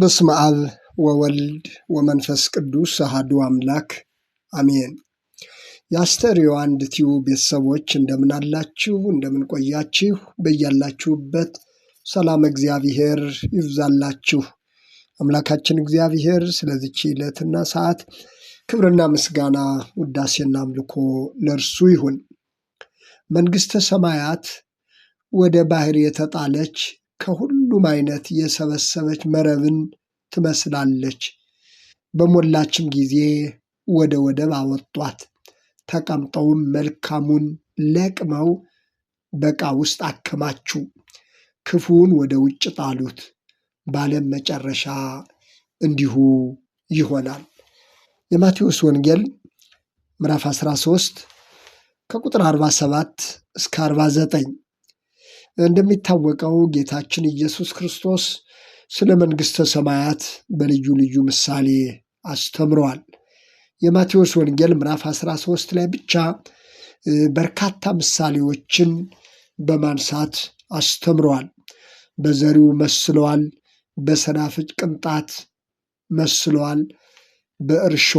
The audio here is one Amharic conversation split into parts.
በስመ አብ ወወልድ ወመንፈስ ቅዱስ አሃዱ አምላክ አሜን። የአስተርእዮ አንድ ቲዩ ቤተሰቦች እንደምን አላችሁ? እንደምን ቆያችሁ? በያላችሁበት ሰላም እግዚአብሔር ይብዛላችሁ። አምላካችን እግዚአብሔር ስለዚች ዕለትና ሰዓት ክብርና ምስጋና ውዳሴና አምልኮ ለእርሱ ይሁን። መንግሥተ ሰማያት ወደ ባሕር የተጣለች ከሁሉ ሁሉም አይነት የሰበሰበች መረብን ትመስላለች። በሞላችም ጊዜ ወደ ወደብ አወጧት። ተቀምጠውም መልካሙን ለቅመው በዕቃ ውስጥ አከማችው፣ ክፉውን ወደ ውጭ ጣሉት። በዓለም መጨረሻ እንዲሁ ይሆናል። የማቴዎስ ወንጌል ምዕራፍ 13 ከቁጥር 47 እስከ 49 እንደሚታወቀው ጌታችን ኢየሱስ ክርስቶስ ስለ መንግሥተ ሰማያት በልዩ ልዩ ምሳሌ አስተምረዋል። የማቴዎስ ወንጌል ምዕራፍ 13 ላይ ብቻ በርካታ ምሳሌዎችን በማንሳት አስተምረዋል። በዘሪው መስለዋል፣ በሰናፍጭ ቅንጣት መስለዋል፣ በእርሾ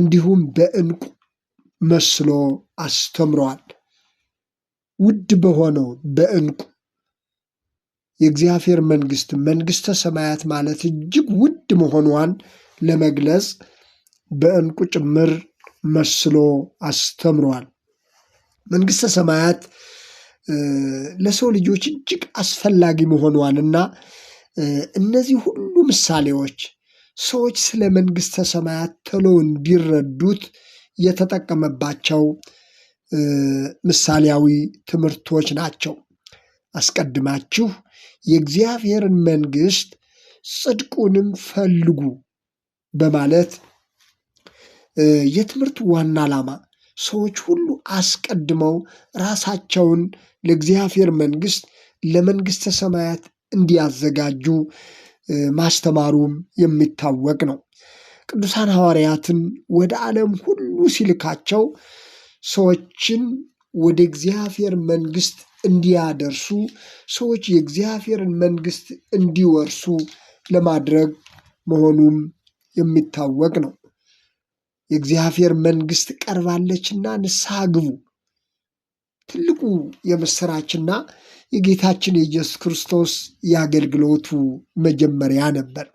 እንዲሁም በእንቁ መስሎ አስተምረዋል። ውድ በሆነው በእንቁ የእግዚአብሔር መንግስት መንግስተ ሰማያት ማለት እጅግ ውድ መሆኗን ለመግለጽ በእንቁ ጭምር መስሎ አስተምሯል። መንግስተ ሰማያት ለሰው ልጆች እጅግ አስፈላጊ መሆኗንና እነዚህ ሁሉ ምሳሌዎች ሰዎች ስለ መንግስተ ሰማያት ተሎ እንዲረዱት የተጠቀመባቸው ምሳሌያዊ ትምህርቶች ናቸው። አስቀድማችሁ የእግዚአብሔርን መንግስት ጽድቁንም ፈልጉ በማለት የትምህርት ዋና ዓላማ ሰዎች ሁሉ አስቀድመው ራሳቸውን ለእግዚአብሔር መንግስት ለመንግስተ ሰማያት እንዲያዘጋጁ ማስተማሩም የሚታወቅ ነው። ቅዱሳን ሐዋርያትን ወደ ዓለም ሁሉ ሲልካቸው ሰዎችን ወደ እግዚአብሔር መንግስት እንዲያደርሱ ሰዎች የእግዚአብሔርን መንግስት እንዲወርሱ ለማድረግ መሆኑም የሚታወቅ ነው። የእግዚአብሔር መንግስት ቀርባለችና ንስሐ ግቡ። ትልቁ የምስራችና የጌታችን የኢየሱስ ክርስቶስ የአገልግሎቱ መጀመሪያ ነበር።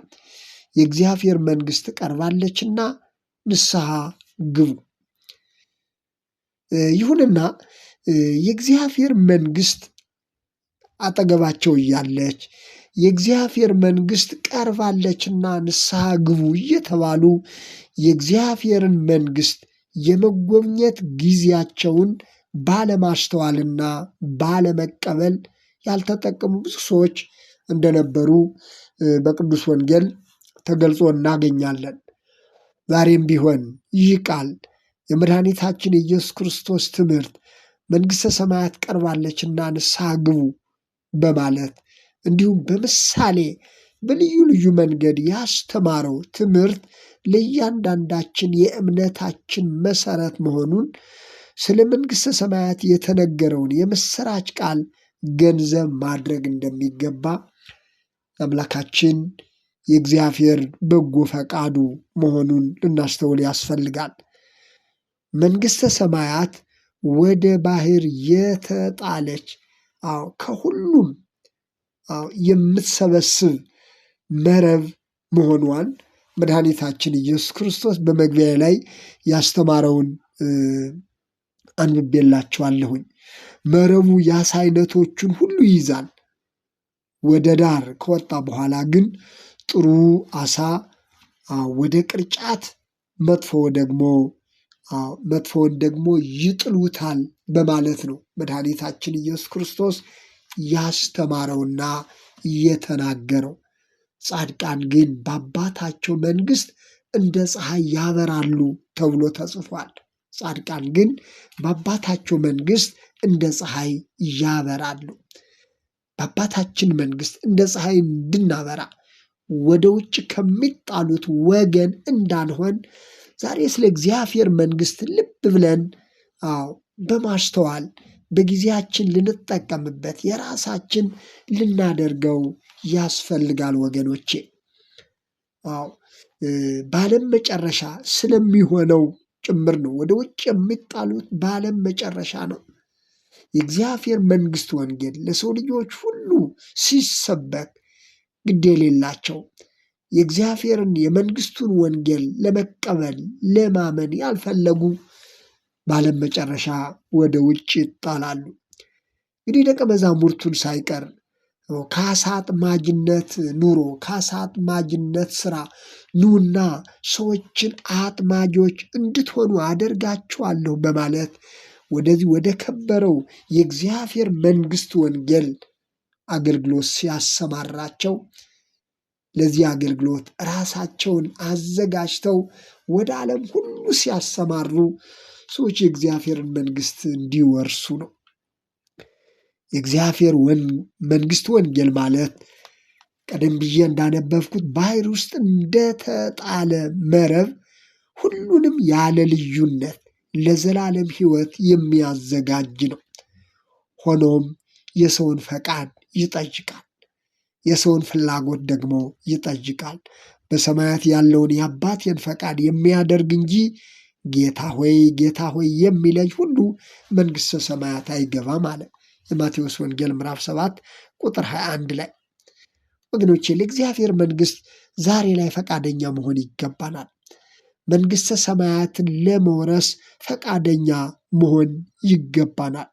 የእግዚአብሔር መንግስት ቀርባለችና ንስሐ ግቡ። ይሁንና የእግዚአብሔር መንግስት አጠገባቸው እያለች የእግዚአብሔር መንግስት ቀርባለችና ንስሐ ግቡ እየተባሉ የእግዚአብሔርን መንግስት የመጎብኘት ጊዜያቸውን ባለማስተዋልና ባለመቀበል ያልተጠቀሙ ብዙ ሰዎች እንደነበሩ በቅዱስ ወንጌል ተገልጾ እናገኛለን። ዛሬም ቢሆን ይህ ቃል የመድኃኒታችን የኢየሱስ ክርስቶስ ትምህርት መንግሥተ ሰማያት ቀርባለችና ንስሐ ግቡ በማለት እንዲሁም በምሳሌ በልዩ ልዩ መንገድ ያስተማረው ትምህርት ለእያንዳንዳችን የእምነታችን መሰረት መሆኑን ስለ መንግሥተ ሰማያት የተነገረውን የምሥራች ቃል ገንዘብ ማድረግ እንደሚገባ አምላካችን የእግዚአብሔር በጎ ፈቃዱ መሆኑን ልናስተውል ያስፈልጋል። መንግሥተ ሰማያት ወደ ባህር የተጣለች አዎ ከሁሉም አዎ የምትሰበስብ መረብ መሆኗን መድኃኒታችን ኢየሱስ ክርስቶስ በመግቢያ ላይ ያስተማረውን አንብቤላችኋለሁኝ። መረቡ የአሳ አይነቶቹን ሁሉ ይይዛል። ወደ ዳር ከወጣ በኋላ ግን ጥሩ አሳ ወደ ቅርጫት፣ መጥፎ ደግሞ መጥፎውን ደግሞ ይጥሉታል በማለት ነው መድኃኒታችን ኢየሱስ ክርስቶስ ያስተማረውና እየተናገረው ጻድቃን ግን በአባታቸው መንግስት እንደ ፀሐይ ያበራሉ ተብሎ ተጽፏል። ጻድቃን ግን በአባታቸው መንግስት እንደ ፀሐይ ያበራሉ። በአባታችን መንግስት እንደ ፀሐይ እንድናበራ ወደ ውጭ ከሚጣሉት ወገን እንዳልሆን ዛሬ ስለ እግዚአብሔር መንግስት ልብ ብለን አዎ በማስተዋል በጊዜያችን ልንጠቀምበት የራሳችን ልናደርገው ያስፈልጋል ወገኖቼ። አዎ በዓለም መጨረሻ ስለሚሆነው ጭምር ነው። ወደ ውጭ የሚጣሉት በዓለም መጨረሻ ነው። የእግዚአብሔር መንግስት ወንጌል ለሰው ልጆች ሁሉ ሲሰበክ ግድ የሌላቸው የእግዚአብሔርን የመንግስቱን ወንጌል ለመቀበል ለማመን ያልፈለጉ በዓለም መጨረሻ ወደ ውጭ ይጣላሉ። እንግዲህ ደቀ መዛሙርቱን ሳይቀር ከዓሣ አጥማጅነት ኑሮ ከዓሣ አጥማጅነት ስራ ኑና ሰዎችን አጥማጆች እንድትሆኑ አደርጋችኋለሁ በማለት ወደዚህ ወደ ከበረው የእግዚአብሔር መንግስት ወንጌል አገልግሎት ሲያሰማራቸው ለዚህ አገልግሎት ራሳቸውን አዘጋጅተው ወደ ዓለም ሁሉ ሲያሰማሩ ሰዎች የእግዚአብሔርን መንግስት እንዲወርሱ ነው። የእግዚአብሔር መንግስት ወንጌል ማለት ቀደም ብዬ እንዳነበብኩት ባህር ውስጥ እንደተጣለ መረብ ሁሉንም ያለ ልዩነት ለዘላለም ሕይወት የሚያዘጋጅ ነው። ሆኖም የሰውን ፈቃድ ይጠይቃል። የሰውን ፍላጎት ደግሞ ይጠይቃል። በሰማያት ያለውን የአባቴን ፈቃድ የሚያደርግ እንጂ ጌታ ሆይ ጌታ ሆይ የሚለኝ ሁሉ መንግሥተ ሰማያት አይገባም አለ። የማቴዎስ ወንጌል ምዕራፍ 7 ቁጥር 21 ላይ ወገኖቼ፣ ለእግዚአብሔር መንግሥት ዛሬ ላይ ፈቃደኛ መሆን ይገባናል። መንግሥተ ሰማያትን ለመውረስ ፈቃደኛ መሆን ይገባናል።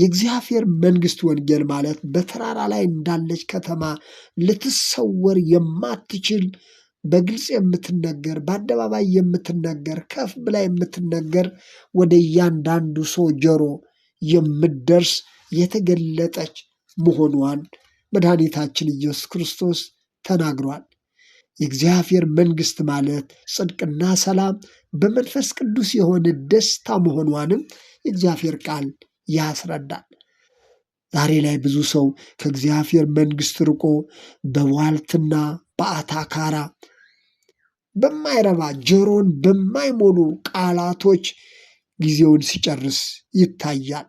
የእግዚአብሔር መንግስት ወንጌል ማለት በተራራ ላይ እንዳለች ከተማ ልትሰወር የማትችል በግልጽ የምትነገር በአደባባይ የምትነገር ከፍ ብላ የምትነገር ወደ እያንዳንዱ ሰው ጆሮ የምደርስ የተገለጠች መሆኗን መድኃኒታችን ኢየሱስ ክርስቶስ ተናግሯል። የእግዚአብሔር መንግስት ማለት ጽድቅና ሰላም በመንፈስ ቅዱስ የሆነ ደስታ መሆኗንም የእግዚአብሔር ቃል ያስረዳል። ዛሬ ላይ ብዙ ሰው ከእግዚአብሔር መንግስት ርቆ በቧልትና በአታካራ በማይረባ ጆሮን በማይሞሉ ቃላቶች ጊዜውን ሲጨርስ ይታያል።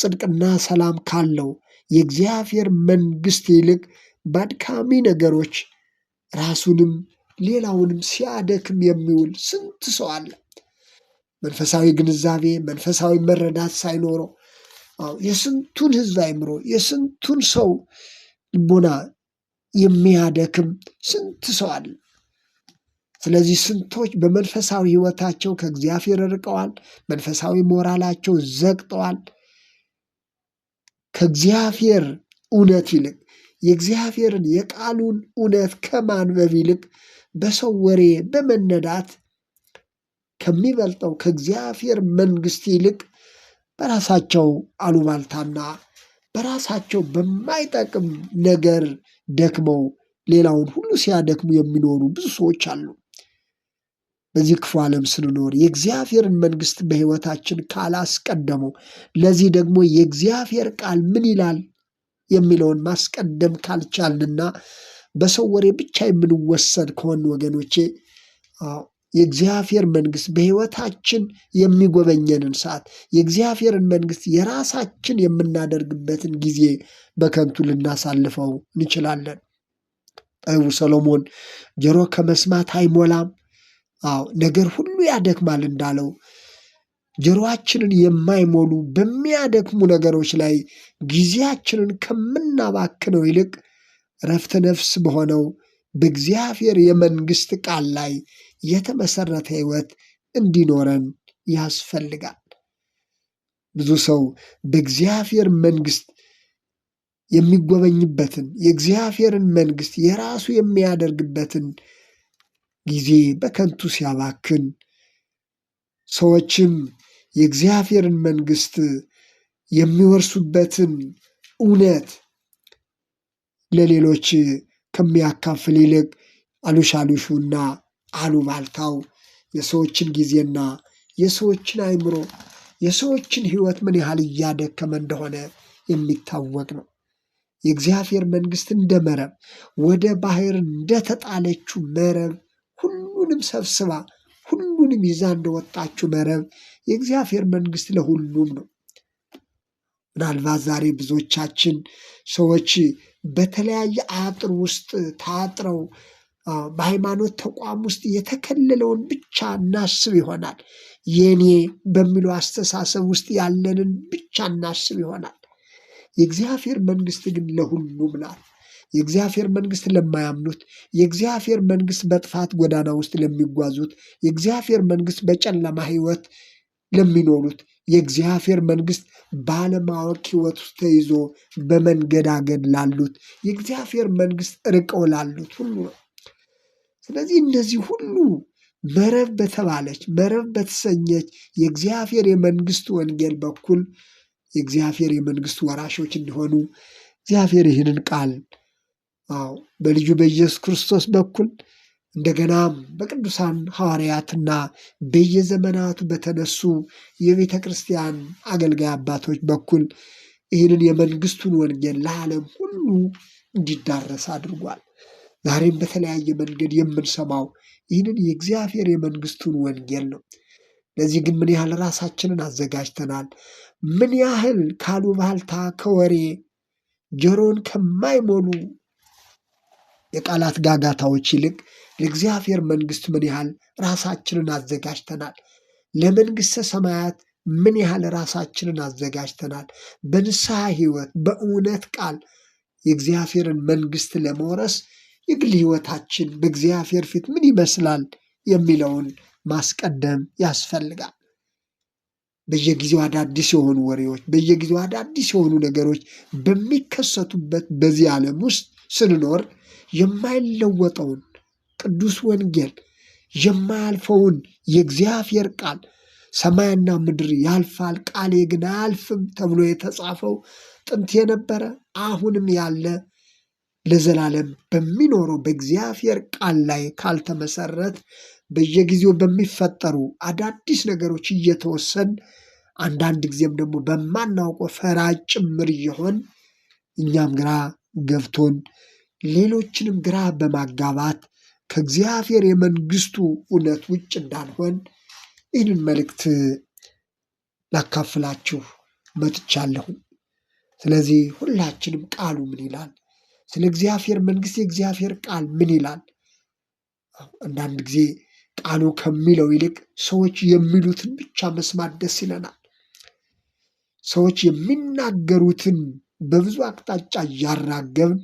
ጽድቅና ሰላም ካለው የእግዚአብሔር መንግሥት ይልቅ በአድካሚ ነገሮች ራሱንም ሌላውንም ሲያደክም የሚውል ስንት ሰው አለ። መንፈሳዊ ግንዛቤ፣ መንፈሳዊ መረዳት ሳይኖረው የስንቱን ህዝብ አይምሮ የስንቱን ሰው ልቦና የሚያደክም ስንት ሰው አለ። ስለዚህ ስንቶች በመንፈሳዊ ህይወታቸው ከእግዚአብሔር ርቀዋል። መንፈሳዊ ሞራላቸው ዘግጠዋል። ከእግዚአብሔር እውነት ይልቅ የእግዚአብሔርን የቃሉን እውነት ከማንበብ ይልቅ በሰው ወሬ በመነዳት ከሚበልጠው ከእግዚአብሔር መንግስት ይልቅ በራሳቸው አሉባልታና በራሳቸው በማይጠቅም ነገር ደክመው ሌላውን ሁሉ ሲያደክሙ የሚኖሩ ብዙ ሰዎች አሉ። በዚህ ክፉ ዓለም ስንኖር የእግዚአብሔርን መንግስት በሕይወታችን ካላስቀደመው፣ ለዚህ ደግሞ የእግዚአብሔር ቃል ምን ይላል የሚለውን ማስቀደም ካልቻልንና በሰው ወሬ ብቻ የምንወሰድ ከሆን ወገኖቼ የእግዚአብሔር መንግስት በህይወታችን የሚጎበኘንን ሰዓት የእግዚአብሔርን መንግስት የራሳችን የምናደርግበትን ጊዜ በከንቱ ልናሳልፈው እንችላለን። ጠቢቡ ሰሎሞን ጆሮ ከመስማት አይሞላም፣ አዎ ነገር ሁሉ ያደክማል እንዳለው ጆሮአችንን የማይሞሉ በሚያደክሙ ነገሮች ላይ ጊዜያችንን ከምናባክነው ይልቅ ረፍተ ነፍስ በሆነው በእግዚአብሔር የመንግስት ቃል ላይ የተመሰረተ ህይወት እንዲኖረን ያስፈልጋል። ብዙ ሰው በእግዚአብሔር መንግስት የሚጎበኝበትን የእግዚአብሔርን መንግስት የራሱ የሚያደርግበትን ጊዜ በከንቱ ሲያባክን ሰዎችም የእግዚአብሔርን መንግስት የሚወርሱበትን እውነት ለሌሎች ከሚያካፍል ይልቅ አሉሽ አሉሹና አሉ ማልታው የሰዎችን ጊዜና የሰዎችን አይምሮ የሰዎችን ሕይወት ምን ያህል እያደከመ እንደሆነ የሚታወቅ ነው። የእግዚአብሔር መንግስት እንደ መረብ ወደ ባህር እንደተጣለችው መረብ ሁሉንም ሰብስባ ሁሉንም ይዛ እንደወጣችው መረብ የእግዚአብሔር መንግስት ለሁሉም ነው። ምናልባት ዛሬ ብዙዎቻችን ሰዎች በተለያየ አጥር ውስጥ ታጥረው በሃይማኖት ተቋም ውስጥ የተከለለውን ብቻ እናስብ ይሆናል። የኔ በሚለው አስተሳሰብ ውስጥ ያለንን ብቻ እናስብ ይሆናል። የእግዚአብሔር መንግስት ግን ለሁሉም ናት። የእግዚአብሔር መንግስት ለማያምኑት፣ የእግዚአብሔር መንግስት በጥፋት ጎዳና ውስጥ ለሚጓዙት፣ የእግዚአብሔር መንግስት በጨለማ ህይወት ለሚኖሩት፣ የእግዚአብሔር መንግስት ባለማወቅ ህይወት ውስጥ ተይዞ በመንገዳገድ ላሉት፣ የእግዚአብሔር መንግስት ርቀው ላሉት ሁሉ ነው። ስለዚህ እነዚህ ሁሉ መረብ በተባለች መረብ በተሰኘች የእግዚአብሔር የመንግስት ወንጌል በኩል የእግዚአብሔር የመንግስት ወራሾች እንዲሆኑ እግዚአብሔር ይህንን ቃል አዎ በልጁ በኢየሱስ ክርስቶስ በኩል እንደገናም በቅዱሳን ሐዋርያትና በየዘመናቱ በተነሱ የቤተ ክርስቲያን አገልጋይ አባቶች በኩል ይህንን የመንግስቱን ወንጌል ለዓለም ሁሉ እንዲዳረስ አድርጓል። ዛሬም በተለያየ መንገድ የምንሰማው ይህንን የእግዚአብሔር የመንግስቱን ወንጌል ነው። ለዚህ ግን ምን ያህል ራሳችንን አዘጋጅተናል? ምን ያህል ካሉባልታ ከወሬ ጆሮን ከማይሞሉ የቃላት ጋጋታዎች ይልቅ ለእግዚአብሔር መንግስት ምን ያህል ራሳችንን አዘጋጅተናል? ለመንግስተ ሰማያት ምን ያህል ራሳችንን አዘጋጅተናል? በንስሐ ህይወት፣ በእውነት ቃል የእግዚአብሔርን መንግስት ለመውረስ የግል ህይወታችን በእግዚአብሔር ፊት ምን ይመስላል የሚለውን ማስቀደም ያስፈልጋል። በየጊዜው አዳዲስ የሆኑ ወሬዎች፣ በየጊዜው አዳዲስ የሆኑ ነገሮች በሚከሰቱበት በዚህ ዓለም ውስጥ ስንኖር የማይለወጠውን ቅዱስ ወንጌል የማያልፈውን የእግዚአብሔር ቃል ሰማይና ምድር ያልፋል ቃሌ ግን አያልፍም ተብሎ የተጻፈው ጥንት የነበረ አሁንም ያለ ለዘላለም በሚኖረው በእግዚአብሔር ቃል ላይ ካልተመሰረት በየጊዜው በሚፈጠሩ አዳዲስ ነገሮች እየተወሰን አንዳንድ ጊዜም ደግሞ በማናውቀው ፈራ ጭምር እየሆን እኛም ግራ ገብቶን ሌሎችንም ግራ በማጋባት ከእግዚአብሔር የመንግስቱ እውነት ውጭ እንዳልሆን ይህንን መልእክት ላካፍላችሁ መጥቻለሁ። ስለዚህ ሁላችንም ቃሉ ምን ይላል? ስለ እግዚአብሔር መንግስት የእግዚአብሔር ቃል ምን ይላል? አንዳንድ ጊዜ ቃሉ ከሚለው ይልቅ ሰዎች የሚሉትን ብቻ መስማት ደስ ይለናል። ሰዎች የሚናገሩትን በብዙ አቅጣጫ እያራገብን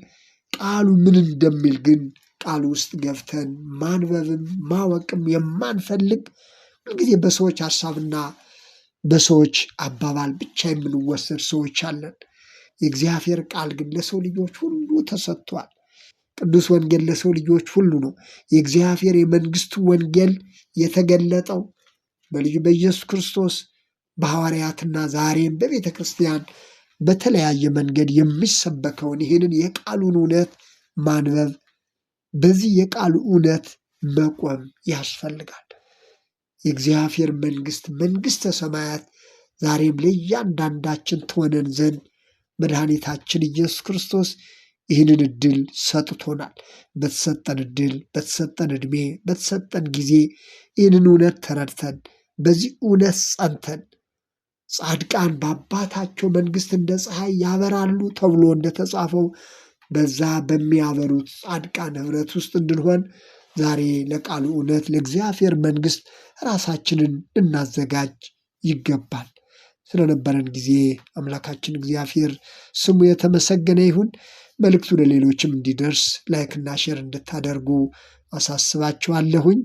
ቃሉ ምን እንደሚል ግን ቃሉ ውስጥ ገብተን ማንበብም ማወቅም የማንፈልግ ሁልጊዜ በሰዎች ሀሳብና በሰዎች አባባል ብቻ የምንወሰድ ሰዎች አለን። የእግዚአብሔር ቃል ግን ለሰው ልጆች ሁሉ ተሰጥቷል። ቅዱስ ወንጌል ለሰው ልጆች ሁሉ ነው። የእግዚአብሔር የመንግስቱ ወንጌል የተገለጠው በልጁ በኢየሱስ ክርስቶስ በሐዋርያትና ዛሬም በቤተ ክርስቲያን በተለያየ መንገድ የሚሰበከውን ይህንን የቃሉን እውነት ማንበብ፣ በዚህ የቃሉ እውነት መቆም ያስፈልጋል። የእግዚአብሔር መንግስት መንግስተ ሰማያት ዛሬም ለእያንዳንዳችን ትሆነን ዘንድ መድኃኒታችን ኢየሱስ ክርስቶስ ይህንን እድል ሰጥቶናል። በተሰጠን እድል፣ በተሰጠን እድሜ በተሰጠን ጊዜ ይህንን እውነት ተረድተን በዚህ እውነት ጸንተን ጻድቃን በአባታቸው መንግሥት እንደ ፀሐይ ያበራሉ ተብሎ እንደተጻፈው በዛ በሚያበሩት ጻድቃን ኅብረት ውስጥ እንድንሆን ዛሬ ለቃሉ እውነት ለእግዚአብሔር መንግሥት ራሳችንን ልናዘጋጅ ይገባል። ስለነበረን ጊዜ አምላካችን እግዚአብሔር ስሙ የተመሰገነ ይሁን። መልእክቱ ለሌሎችም እንዲደርስ ላይክና ሼር እንድታደርጉ አሳስባችኋለሁኝ።